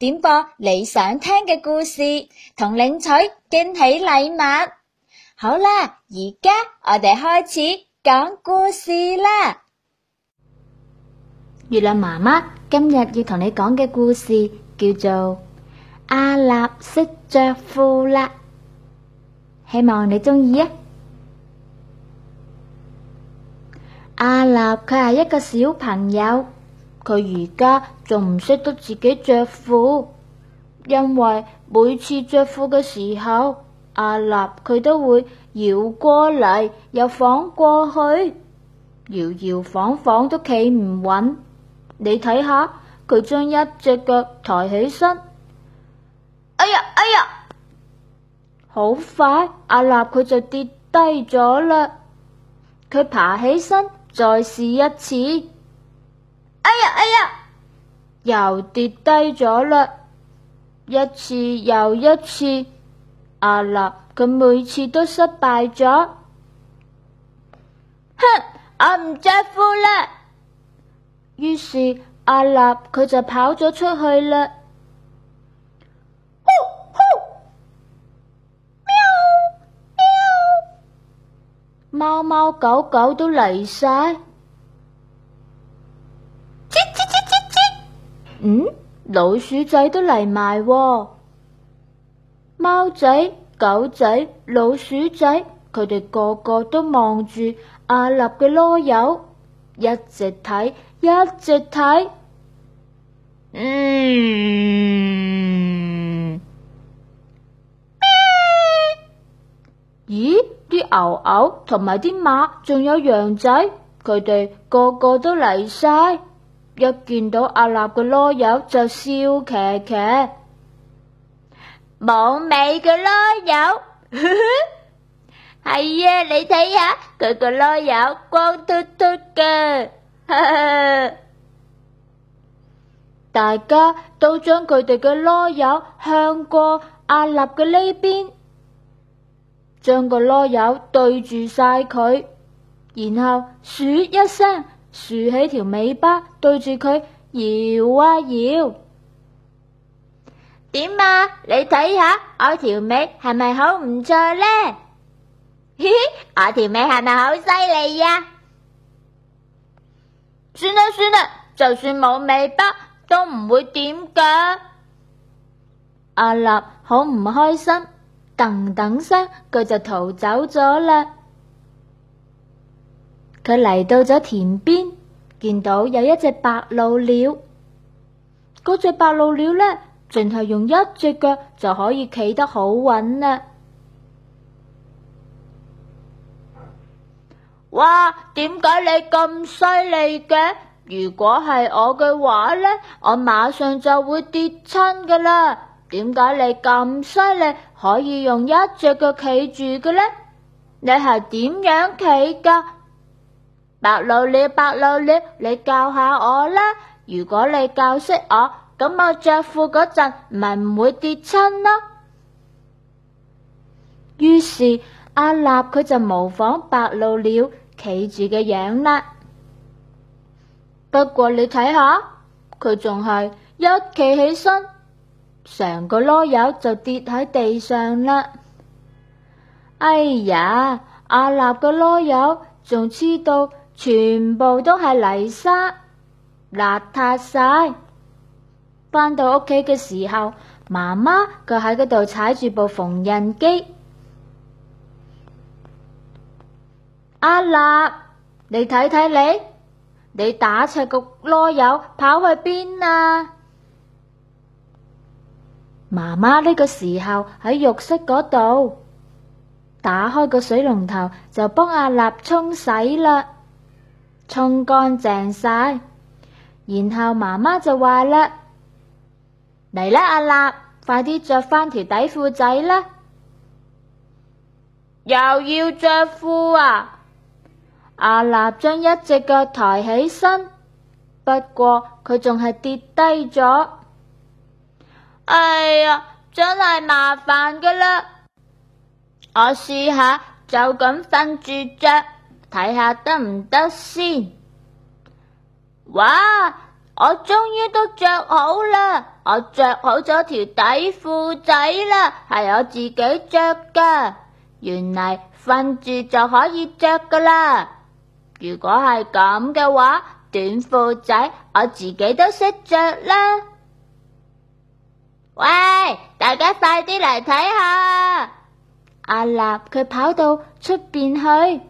點播你想聽嘅故事，同領取驚喜禮物。好啦，而家我哋開始講故事啦。月亮媽媽今日要同你講嘅故事叫做《阿立識着褲啦》，希望你中意啊。阿立佢係一個小朋友。佢而家仲唔識得自己着褲，因為每次着褲嘅時候，阿立佢都會搖過嚟又晃過去，搖搖晃晃都企唔穩。你睇下，佢將一隻腳抬起身，哎呀哎呀，好快，阿立佢就跌低咗啦。佢爬起身，再試一次。哎呀，又跌低咗嘞。一次又一次，阿立佢每次都失敗咗。哼，我唔在乎啦。於是阿立佢就跑咗出去啦。呼呼， 喵喵，貓貓喵狗狗，狗都嚟晒。嗯，老鼠仔都嚟埋喎，貓仔、狗仔、老鼠仔，佢哋個個都望住阿立嘅囉柚，一直睇，一直睇。嗯，咦？啲牛牛同埋啲馬，仲有羊仔，佢哋個個都嚟晒。一見到阿立嘅囉柚就笑騎騎，冇尾嘅囉柚，係 啊！你睇下佢個囉柚光禿禿嘅， 大家都將佢哋嘅囉柚向過阿立嘅呢邊，將個囉柚對住晒佢，然後噓一聲。豎起條尾巴，對住佢搖啊搖，點啊？你睇下我條尾係咪好唔錯咧？嘻嘻，我條尾係咪好犀利呀？算啦算啦，就算冇尾巴都唔會點噶。阿立好唔開心，噔噔聲佢就逃走咗啦。佢嚟到咗田邊，見到有一隻白鷺鳥。嗰隻白鷺鳥呢，淨係用一隻腳就可以企得好穩啦。哇！點解你咁犀利嘅？如果係我嘅話呢，我馬上就會跌親噶啦。點解你咁犀利，可以用一隻腳企住嘅呢？你係點樣企噶？白鷺鳥，白鷺鳥，你教下我啦。如果你教識我，咁我着褲嗰陣，咪唔會跌親咯。於是阿立佢就模仿白鷺鳥企住嘅樣啦。不過你睇下，佢仲係一企起身，成個囉柚就跌喺地上啦。哎呀，阿立個囉柚仲知道。全部都係泥沙，邋遢晒。返到屋企嘅時候，媽媽佢喺嗰度踩住部縫紉機。阿立，你睇睇你，你打赤個囉柚跑去邊啊？媽媽呢個時候喺浴室嗰度，打開個水龍頭就幫阿立沖洗啦。沖乾淨晒，然後媽媽就話啦：嚟啦，阿立，快啲着翻條底褲仔啦！又要着褲啊！阿立將一隻腳抬起身，不過佢仲係跌低咗。哎呀，真係麻煩噶啦！我試下就咁瞓住着。睇下得唔得先？哇！我終於都着好啦，我着好咗條底褲仔啦，係我自己着噶。原嚟瞓住就可以着噶啦。如果係咁嘅話，短褲仔我自己都識着啦。喂，大家快啲嚟睇下！阿立佢跑到出邊去。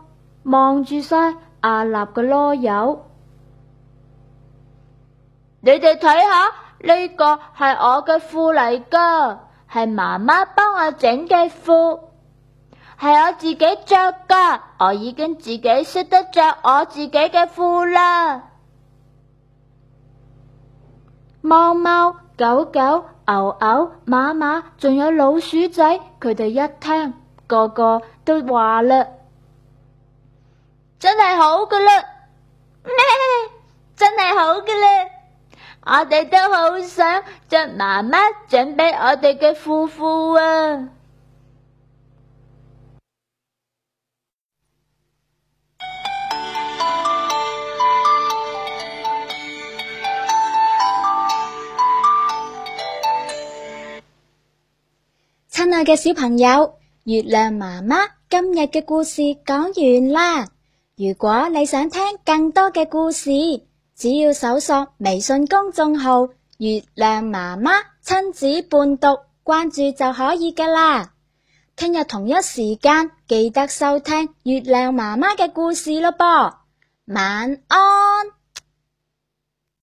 望住晒阿立嘅囉柚，你哋睇下呢個係我嘅褲嚟噶，係媽媽幫我整嘅褲，係我自己着噶，我已經自己識得着我自己嘅褲啦。貓貓、狗狗、牛牛、馬馬，仲有老鼠仔，佢哋一聽，個個都話嘞。真係好噶啦，咩真係好噶啦！我哋都好想着媽媽準備我哋嘅褲褲啊！親愛嘅小朋友，月亮媽媽今日嘅故事講完啦。如果你想聽更多嘅故事，只要搜索微信公眾號《月亮媽媽親子伴讀》，關注就可以㗎啦。聽日同一時間記得收聽月亮媽媽嘅故事咯，噃。晚安。